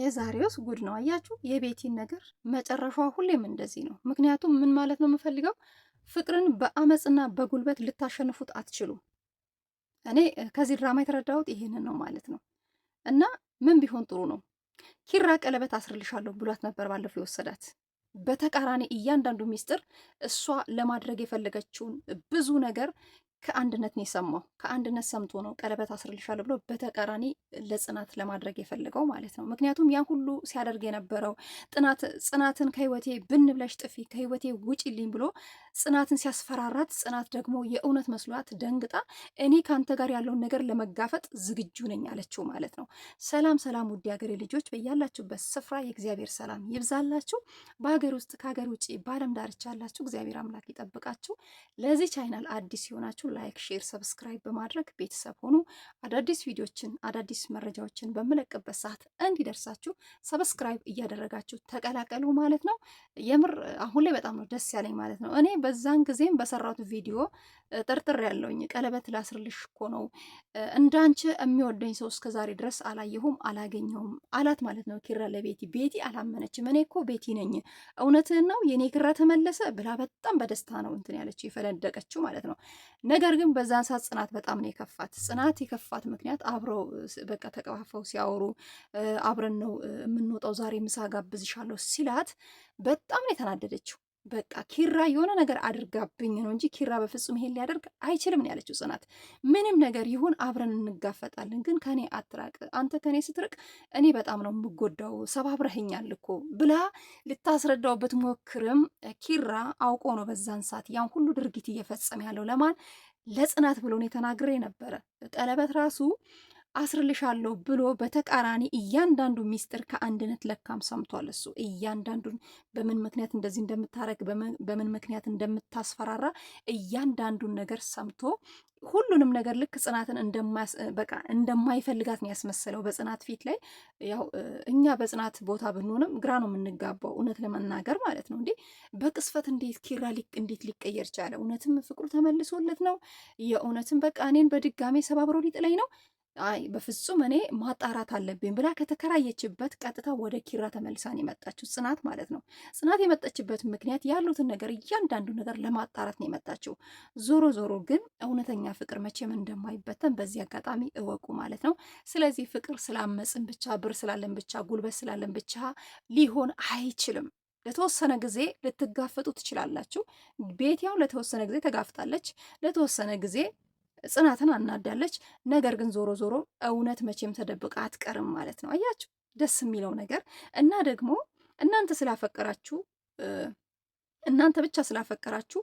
የዛሬውስ ጉድ ነው። አያችሁ የቤቲን ነገር መጨረሻዋ ሁሌም እንደዚህ ነው። ምክንያቱም ምን ማለት ነው የምፈልገው ፍቅርን በአመፅና በጉልበት ልታሸንፉት አትችሉም። እኔ ከዚህ ድራማ የተረዳሁት ይሄንን ነው ማለት ነው። እና ምን ቢሆን ጥሩ ነው? ኪራ ቀለበት አስርልሻለሁ ብሏት ነበር ባለፈው የወሰዳት በተቃራኒ እያንዳንዱ ሚስጥር እሷ ለማድረግ የፈለገችውን ብዙ ነገር ከአንድነት ነው የሰማው። ከአንድነት ሰምቶ ነው ቀለበት አስርልሻል ብሎ በተቃራኒ ለጽናት ለማድረግ የፈለገው ማለት ነው። ምክንያቱም ያ ሁሉ ሲያደርግ የነበረው ጥናት ጽናትን ከህይወቴ ብን ብለሽ ጥፊ፣ ከህይወቴ ልኝ ብሎ ጽናትን ሲያስፈራራት፣ ጽናት ደግሞ የእውነት መስሏት ደንግጣ እኔ ከአንተ ጋር ያለውን ነገር ለመጋፈጥ ዝግጁ ነኝ አለችው ማለት ነው። ሰላም ሰላም፣ ውድ ሀገሬ ልጆች በያላችሁበት ስፍራ የእግዚአብሔር ሰላም ይብዛላችሁ። በሀገር ውስጥ ከሀገር ውጭ በአለም ዳርቻ ያላችሁ እግዚአብሔር አምላክ ይጠብቃችሁ። ለዚህ ቻይናል አዲስ ሲሆናችሁ ላይክ፣ ሼር፣ ሰብስክራይብ በማድረግ ቤተሰብ ሆኑ። አዳዲስ ቪዲዮዎችን አዳዲስ መረጃዎችን በምለቅበት ሰዓት እንዲደርሳችሁ ሰብስክራይብ እያደረጋችሁ ተቀላቀሉ ማለት ነው። የምር አሁን ላይ በጣም ነው ደስ ያለኝ ማለት ነው። እኔ በዛን ጊዜም በሰራሁት ቪዲዮ ጥርጥር ያለውኝ ቀለበት ላስርልሽ እኮ ነው እንዳንቺ የሚወደኝ ሰው እስከዛሬ ድረስ አላየሁም አላገኘሁም አላት ማለት ነው ኪራ ለቤቲ። ቤቲ አላመነችም። እኔ እኮ ቤቲ ነኝ እውነትህን ነው የኔ ክራ ተመለሰ ብላ በጣም በደስታ ነው እንትን ያለችው የፈለደቀችው ማለት ነው። ነገር ግን በዛን ሰዓት ጽናት በጣም ነው የከፋት። ጽናት የከፋት ምክንያት አብረው በቃ ተቀፋፈው ሲያወሩ አብረን ነው የምንወጣው ዛሬ ምሳ ጋብዝሻለሁ ሲላት በጣም ነው የተናደደችው። በቃ ኪራ የሆነ ነገር አድርጋብኝ ነው እንጂ ኪራ በፍጹም ይሄን ሊያደርግ አይችልም ነው ያለችው ጽናት። ምንም ነገር ይሁን አብረን እንጋፈጣለን፣ ግን ከኔ አትራቅ። አንተ ከኔ ስትርቅ እኔ በጣም ነው የምጎዳው፣ ሰባብረህኛል እኮ ብላ ልታስረዳው ብትሞክርም ኪራ አውቆ ነው በዛን ሰዓት ያን ሁሉ ድርጊት እየፈጸመ ያለው ለማን ለጽናት ብሎ እኔ ተናግሬ ነበረ። ቀለበት ራሱ አስርልሻለሁ ብሎ በተቃራኒ እያንዳንዱ ሚስጥር ከአንድነት ለካም ሰምቷል። እሱ እያንዳንዱን በምን ምክንያት እንደዚህ እንደምታረግ በምን ምክንያት እንደምታስፈራራ እያንዳንዱን ነገር ሰምቶ ሁሉንም ነገር ልክ ጽናትን በቃ እንደማይፈልጋት ነው ያስመሰለው በጽናት ፊት ላይ። ያው እኛ በጽናት ቦታ ብንሆንም ግራ ነው የምንጋባው እውነት ለመናገር ማለት ነው። እንዴ በቅስፈት እንዴት ኪራ እንዴት ሊቀየር ቻለ? እውነትም ፍቅሩ ተመልሶለት ነው? የእውነትም በቃ እኔን በድጋሜ ሰባብሮ ሊጥለኝ ነው አይ በፍጹም እኔ ማጣራት አለብኝ ብላ ከተከራየችበት ቀጥታ ወደ ኪራ ተመልሳን የመጣችው ጽናት ማለት ነው። ጽናት የመጣችበት ምክንያት ያሉትን ነገር እያንዳንዱ ነገር ለማጣራት ነው የመጣችው። ዞሮ ዞሮ ግን እውነተኛ ፍቅር መቼም እንደማይበተን በዚህ አጋጣሚ እወቁ ማለት ነው። ስለዚህ ፍቅር ስላመፅን ብቻ ብር ስላለን ብቻ ጉልበት ስላለን ብቻ ሊሆን አይችልም። ለተወሰነ ጊዜ ልትጋፈጡ ትችላላችሁ። ቤት ያው ለተወሰነ ጊዜ ተጋፍጣለች። ለተወሰነ ጊዜ ጽናትን አናዳለች። ነገር ግን ዞሮ ዞሮ እውነት መቼም ተደብቃ አትቀርም ማለት ነው። አያችሁ ደስ የሚለው ነገር እና ደግሞ እናንተ ስላፈቀራችሁ እናንተ ብቻ ስላፈቀራችሁ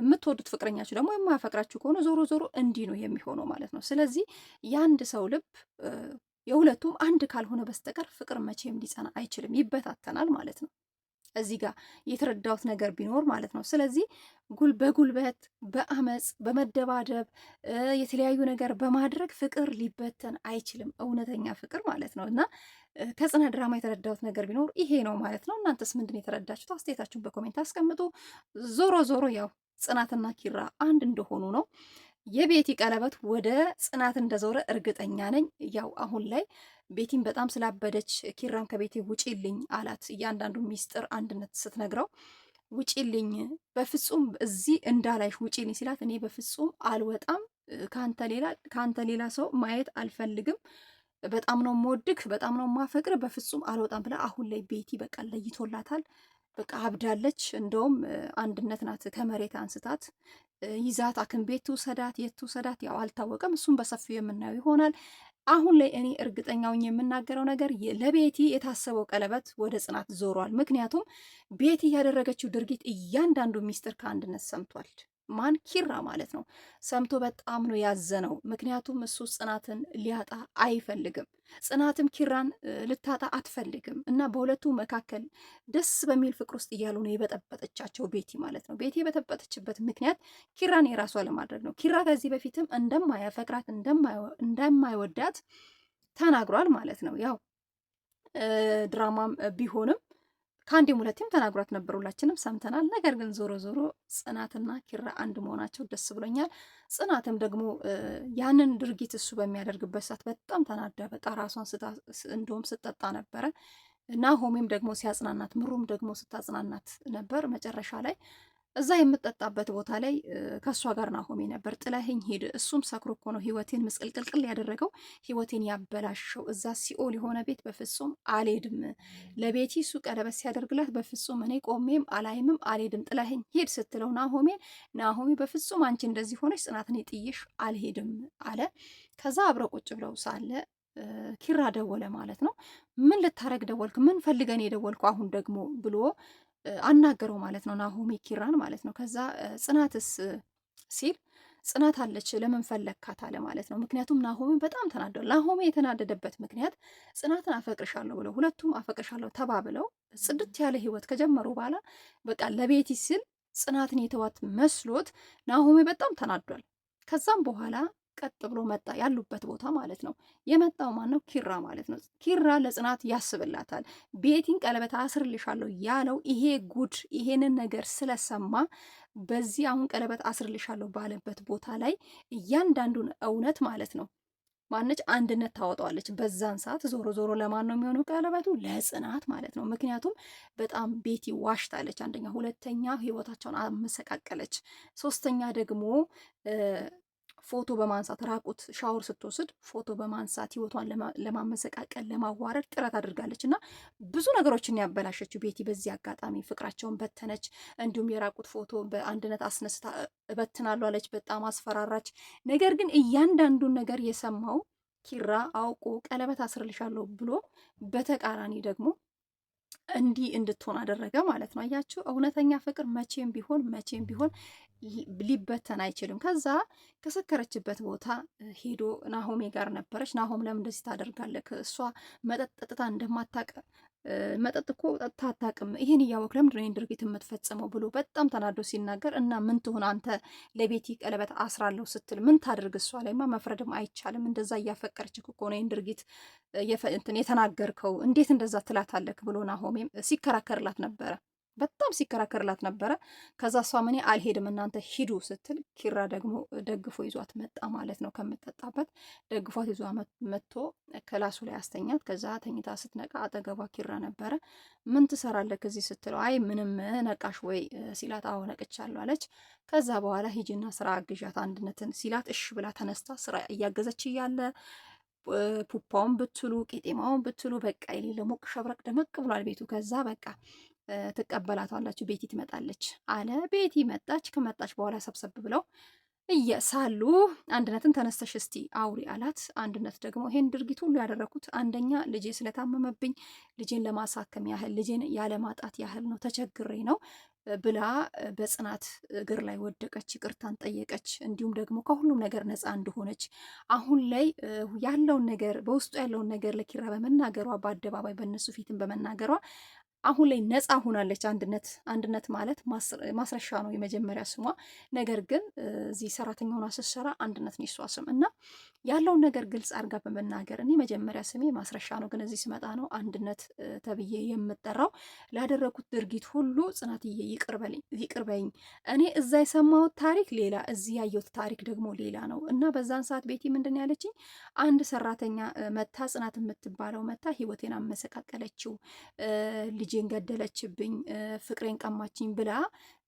የምትወዱት ፍቅረኛችሁ ደግሞ የማያፈቅራችሁ ከሆነ ዞሮ ዞሮ እንዲህ ነው የሚሆነው ማለት ነው። ስለዚህ የአንድ ሰው ልብ የሁለቱም አንድ ካልሆነ በስተቀር ፍቅር መቼም ሊጸና አይችልም፣ ይበታተናል ማለት ነው። እዚህ ጋር የተረዳሁት ነገር ቢኖር ማለት ነው። ስለዚህ ጉል በጉልበት በአመፅ በመደባደብ የተለያዩ ነገር በማድረግ ፍቅር ሊበተን አይችልም፣ እውነተኛ ፍቅር ማለት ነው። እና ከጽነ ድራማ የተረዳሁት ነገር ቢኖር ይሄ ነው ማለት ነው። እናንተስ ምንድን የተረዳችሁት? አስተያየታችሁን በኮሜንት አስቀምጡ። ዞሮ ዞሮ ያው ጽናትና ኪራ አንድ እንደሆኑ ነው። የቤቲ ቀለበት ወደ ጽናት እንደዞረ እርግጠኛ ነኝ። ያው አሁን ላይ ቤቲን በጣም ስላበደች ኪራን ከቤቴ ውጪልኝ አላት። እያንዳንዱ ሚስጥር አንድነት ስትነግረው ውጪልኝ፣ በፍጹም እዚህ እንዳላይሽ ውጪልኝ ሲላት እኔ በፍጹም አልወጣም፣ ከአንተ ሌላ ሰው ማየት አልፈልግም፣ በጣም ነው የምወድህ፣ በጣም ነው የማፈቅር፣ በፍጹም አልወጣም ብላ አሁን ላይ ቤቲ በቃ ለይቶላታል። በቃ አብዳለች። እንደውም አንድነት ናት ከመሬት አንስታት ይዛት አክን ቤት ትውሰዳት የት ትውሰዳት ያው አልታወቀም። እሱም በሰፊው የምናየው ይሆናል። አሁን ላይ እኔ እርግጠኛውኝ የምናገረው ነገር ለቤቲ የታሰበው ቀለበት ወደ ጽናት ዞሯል። ምክንያቱም ቤቲ ያደረገችው ድርጊት እያንዳንዱ ሚስጥር ከአንድነት ሰምቷል። ማን ኪራ ማለት ነው። ሰምቶ በጣም ነው ያዘነው። ምክንያቱም እሱ ጽናትን ሊያጣ አይፈልግም፣ ጽናትም ኪራን ልታጣ አትፈልግም እና በሁለቱ መካከል ደስ በሚል ፍቅር ውስጥ እያሉ ነው የበጠበጠቻቸው ቤቲ ማለት ነው። ቤቲ የበጠበጠችበት ምክንያት ኪራን የራሷ ለማድረግ ነው። ኪራ ከዚህ በፊትም እንደማያፈቅራት እንደማይወዳት ተናግሯል ማለት ነው ያው ድራማም ቢሆንም ከአንዴም ሁለቴም ተናግሯት ነበር፣ ሁላችንም ሰምተናል። ነገር ግን ዞሮ ዞሮ ጽናትና ኪራ አንድ መሆናቸው ደስ ብሎኛል። ጽናትም ደግሞ ያንን ድርጊት እሱ በሚያደርግበት ሰዓት በጣም ተናዳ በጣ ራሷን እንደውም ስጠጣ ነበረ። ናሆሜም ደግሞ ሲያጽናናት፣ ምሩም ደግሞ ስታጽናናት ነበር መጨረሻ ላይ እዛ የምጠጣበት ቦታ ላይ ከእሷ ጋር ናሆሜ ነበር። ጥለህኝ ሄድ እሱም ሰክሮ እኮ ነው ህይወቴን ምስቅልቅልቅል ያደረገው፣ ህይወቴን ያበላሸው። እዛ ሲኦል የሆነ ቤት በፍጹም አልሄድም። ለቤቲ እሱ ቀለበት ሲያደርግላት በፍጹም እኔ ቆሜም አላይምም፣ አልሄድም፣ ጥለህኝ ሄድ ስትለው ናሆሜን ናሆሜ በፍጹም አንቺ እንደዚህ ሆነች ጽናትን እኔ አልሄድም አለ። ከዛ አብረው ቁጭ ብለው ሳለ ኪራ ደወለ ማለት ነው። ምን ልታረግ ደወልክ? ምን ፈልገን የደወልኩ አሁን ደግሞ ብሎ አናገረው ማለት ነው ናሆሚ ኪራን ማለት ነው። ከዛ ጽናትስ ሲል ጽናት አለች ለምን ፈለግካት አለ ማለት ነው። ምክንያቱም ናሆሚ በጣም ተናደዋል። ናሆሚ የተናደደበት ምክንያት ጽናትን አፈቅርሻለሁ ብለው ሁለቱም አፈቅርሻለሁ ተባብለው ጽድት ያለ ህይወት ከጀመሩ በኋላ በቃ ለቤቲ ሲል ጽናትን የተዋት መስሎት ናሆሚ በጣም ተናዷል። ከዛም በኋላ ቀጥ ብሎ መጣ፣ ያሉበት ቦታ ማለት ነው። የመጣው ማን ነው? ኪራ ማለት ነው። ኪራ ለጽናት ያስብላታል። ቤቲን ቀለበት አስርልሻለሁ ያለው ይሄ ጉድ፣ ይሄንን ነገር ስለሰማ በዚህ አሁን ቀለበት አስርልሻለሁ ባለበት ቦታ ላይ እያንዳንዱን እውነት ማለት ነው ማነች አንድነት ታወጣዋለች። በዛን ሰዓት ዞሮ ዞሮ ለማን ነው የሚሆነው ቀለበቱ? ለጽናት ማለት ነው። ምክንያቱም በጣም ቤቲ ዋሽታለች። አንደኛ፣ ሁለተኛ ህይወታቸውን አመሰቃቀለች፣ ሶስተኛ ደግሞ ፎቶ በማንሳት ራቁት ሻወር ስትወስድ ፎቶ በማንሳት ህይወቷን ለማመሰቃቀል ለማዋረድ ጥረት አድርጋለች እና ብዙ ነገሮችን ያበላሸችው ቤቲ በዚህ አጋጣሚ ፍቅራቸውን በተነች። እንዲሁም የራቁት ፎቶ በአንድነት አስነስታ እበትናለሁ አለች። በጣም አስፈራራች። ነገር ግን እያንዳንዱን ነገር የሰማው ኪራ አውቆ ቀለበት አስርልሻለሁ ብሎ በተቃራኒ ደግሞ እንዲህ እንድትሆን አደረገ ማለት ነው። አያችሁ እውነተኛ ፍቅር መቼም ቢሆን መቼም ቢሆን ሊበተን አይችልም። ከዛ ከሰከረችበት ቦታ ሄዶ ናሆሜ ጋር ነበረች። ናሆም ለምን እንደዚህ ታደርጋለህ? እሷ መጠጥ ጠጥታ እንደማታውቅ መጠጥ እኮ ጠጥታ አታውቅም፣ ይህን እያወቅ ለምንድን ነው ይህን ድርጊት የምትፈጽመው ብሎ በጣም ተናዶ ሲናገር እና ምን ትሁን አንተ ለቤቲ ቀለበት አስራለሁ ስትል ምን ታድርግ? እሷ ላይማ መፍረድም አይቻልም። እንደዛ እያፈቀረች እኮ ነው ይህን ድርጊት የተናገርከው፣ እንዴት እንደዛ ትላታለክ? ብሎ ናሆሜም ሲከራከርላት ነበረ። በጣም ሲከራከርላት ነበረ። ከዛ እሷም ምን አልሄድም እናንተ ሂዱ ስትል ኪራ ደግሞ ደግፎ ይዟት መጣ ማለት ነው። ከምጠጣበት ደግፏት ይዟ መጥቶ ከላሱ ላይ አስተኛት። ከዛ ተኝታ ስትነቃ አጠገቧ ኪራ ነበረ። ምን ትሰራለህ ከዚህ ስትለው አይ ምንም ነቃሽ ወይ ሲላት አዎ ነቅቻለሁ አለች። ከዛ በኋላ ሂጂና ስራ አግዣት አንድነትን ሲላት እሽ ብላ ተነስታ ስራ እያገዘች እያለ ፑፓውን ብትሉ ቄጤማውን ብትሉ በቃ የሌለ ሞቅ ሸብረቅ ደመቅ ብሏል ቤቱ። ከዛ በቃ ትቀበላታላችሁ ቤቲ ትመጣለች አለ። ቤቲ መጣች። ከመጣች በኋላ ሰብሰብ ብለው እየሳሉ አንድነትን ተነስተሽ እስቲ አውሪ አላት። አንድነት ደግሞ ይሄን ድርጊት ሁሉ ያደረኩት አንደኛ ልጄ ስለታመመብኝ ልጄን ለማሳከም ያህል ልጄን ያለማጣት ያህል ነው፣ ተቸግሬ ነው ብላ በጽናት እግር ላይ ወደቀች፣ ይቅርታን ጠየቀች። እንዲሁም ደግሞ ከሁሉም ነገር ነፃ እንደሆነች አሁን ላይ ያለውን ነገር በውስጡ ያለውን ነገር ለኪራ በመናገሯ በአደባባይ በእነሱ ፊትም በመናገሯ አሁን ላይ ነፃ ሆናለች። አንድነት አንድነት ማለት ማስረሻ ነው የመጀመሪያ ስሟ። ነገር ግን እዚህ ሰራተኛ ሆና ስትሰራ አንድነት ነው የሷ ስም እና ያለውን ነገር ግልጽ አድርጋ በመናገር እኔ መጀመሪያ ስሜ ማስረሻ ነው፣ ግን እዚህ ስመጣ ነው አንድነት ተብዬ የምጠራው። ላደረግኩት ድርጊት ሁሉ ጽናትዬ ይቅር እኔ እዛ የሰማሁት ታሪክ ሌላ፣ እዚህ ያየሁት ታሪክ ደግሞ ሌላ ነው እና በዛን ሰዓት ቤቲ ምንድን ያለችኝ አንድ ሰራተኛ መታ ጽናት የምትባለው መታ ህይወቴን አመሰቃቀለችው ልጅ ልጄን ገደለችብኝ፣ ፍቅሬን ቀማችኝ ብላ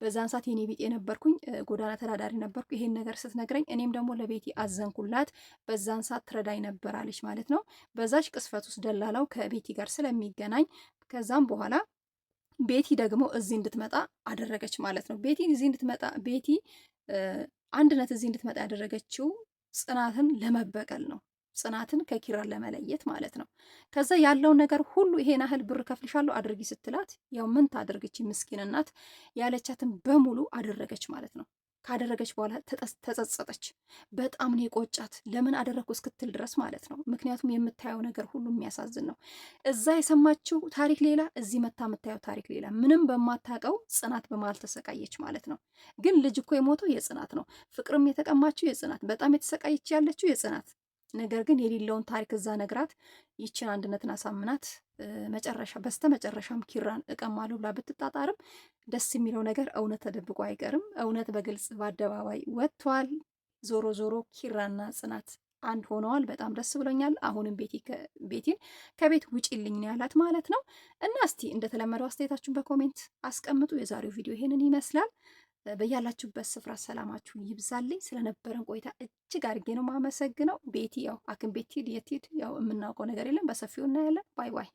በዛን ሰዓት የኔ ቢጤ ነበርኩኝ፣ ጎዳና ተዳዳሪ ነበርኩ። ይሄን ነገር ስትነግረኝ እኔም ደግሞ ለቤቲ አዘንኩላት። በዛን ሰዓት ትረዳኝ ነበራለች ማለት ነው። በዛች ቅስፈት ውስጥ ደላላው ከቤቲ ጋር ስለሚገናኝ ከዛም በኋላ ቤቲ ደግሞ እዚህ እንድትመጣ አደረገች ማለት ነው። ቤቲ እዚህ እንድትመጣ ቤቲ አንድነት እዚህ እንድትመጣ ያደረገችው ጽናትን ለመበቀል ነው። ጽናትን ከኪራ ለመለየት ማለት ነው። ከዛ ያለው ነገር ሁሉ ይሄን ያህል ብር ከፍልሻለሁ አድርጊ ስትላት ያው ምን ታደርግች ምስኪን እናት ያለቻትን በሙሉ አደረገች ማለት ነው። ካደረገች በኋላ ተጸጸጠች። በጣም ነው የቆጫት ለምን አደረግኩ እስክትል ድረስ ማለት ነው። ምክንያቱም የምታየው ነገር ሁሉ የሚያሳዝን ነው። እዛ የሰማችው ታሪክ ሌላ፣ እዚህ መታ የምታየው ታሪክ ሌላ። ምንም በማታውቀው ጽናት በመሃል ተሰቃየች ማለት ነው። ግን ልጅ እኮ የሞተው የጽናት ነው። ፍቅርም የተቀማችው የጽናት፣ በጣም የተሰቃየች ያለችው የጽናት ነገር ግን የሌለውን ታሪክ እዛ ነግራት ይችን አንድነትን አሳምናት መጨረሻ በስተ መጨረሻም ኪራን እቀማለሁ ብላ ብትጣጣርም ደስ የሚለው ነገር እውነት ተደብቆ አይቀርም። እውነት በግልጽ በአደባባይ ወጥቷል። ዞሮ ዞሮ ኪራና ጽናት አንድ ሆነዋል። በጣም ደስ ብሎኛል። አሁንም ቤቴን ከቤት ውጪልኝ ያላት ማለት ነው። እና እስቲ እንደተለመደው አስተያየታችሁን በኮሜንት አስቀምጡ። የዛሬው ቪዲዮ ይሄንን ይመስላል። በያላችሁበት ስፍራ ሰላማችሁ ይብዛልኝ። ስለነበረን ቆይታ እጅግ አድርጌ ነው ማመሰግነው። ቤቲ ያው አክን ቤት ሂድ የት ሂድ ያው የምናውቀው ነገር የለም። በሰፊው እናያለን። ባይ ባይ።